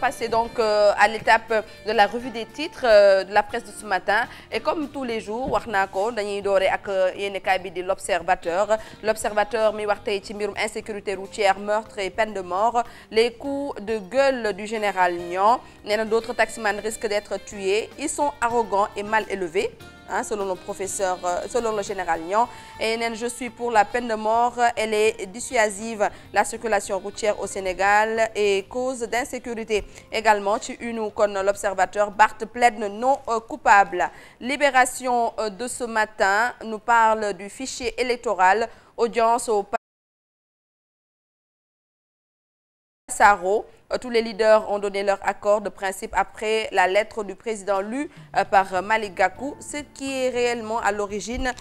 passer donc euh, à l'étape euh, de la revue des titres euh, de presse de ce matin et comme tous les jours wax naa ko dañuy doore ak yéenekaay bi di l'observateur l'observateur mi wax tey ci mbirum insécurité routière meurtre et peine de mort les coups de gueule du général Niang nee na d'autres taximans risquent d'être tués ils sont arrogants et mal élevés hein, selon le professeur, euh, général Nian. Et je suis pour la peine de mort. Elle est dissuasive. La circulation routière au Sénégal est cause d'insécurité. Également, ci une kon l'observateur Barthes plaide non euh, coupable. Libération euh, de ce matin nous parle du fichier électoral. Audience au Saro. Euh, tous les leaders ont donné leur accord de principe après la lettre du président lu euh, par euh, Malick Gakou, ce qui est réellement à l'origine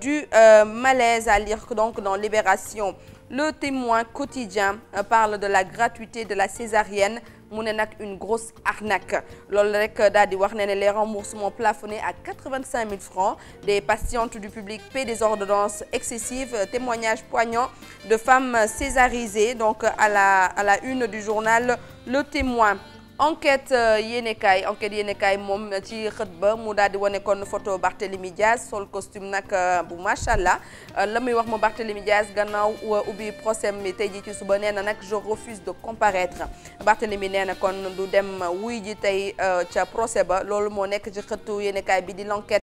du malaise à lire donc dans Libération. Le témoin quotidien parle de la gratuité de la césarienne mu ne nag une grosse arnaque loolu rek daal di wax ne ne les remboursements plafonnés à 85 000 francs des patientes du public paient des ordonnances excessives témoignage poignant de femmes césarisées donc à la la une du journal Le Témoin enquête euh, yéenekaay enquête yéenekaay moom ci xët ba mu daal di wane kon photo Barthélémy Diaz sol costume nag euh, bu macha allah euh, la muy wax moom Barthélémy Diaz gannaaw ubbi procès mi tey ji ci suba nee na nag je refuse de comparaître Barthélémy nee na kon du dem wuy ji tey ca procès ba loolu moo nekk ci xëtu yéenekaay bi di l'enquête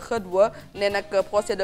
xët wa ne nag procès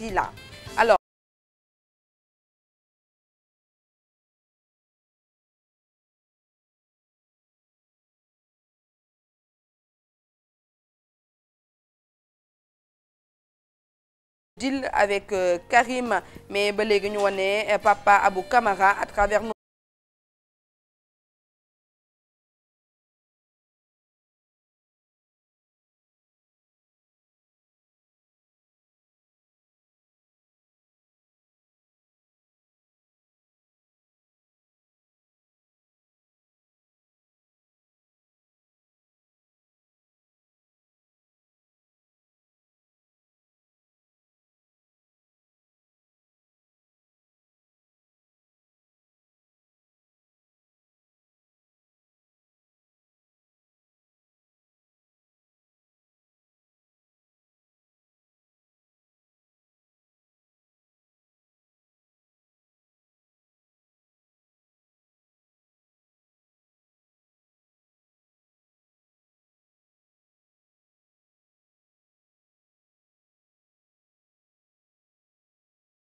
d'ici là. Alors, deal avec euh, Karim mais ba léegi ñu wone euh, Papa Abou Camara à travers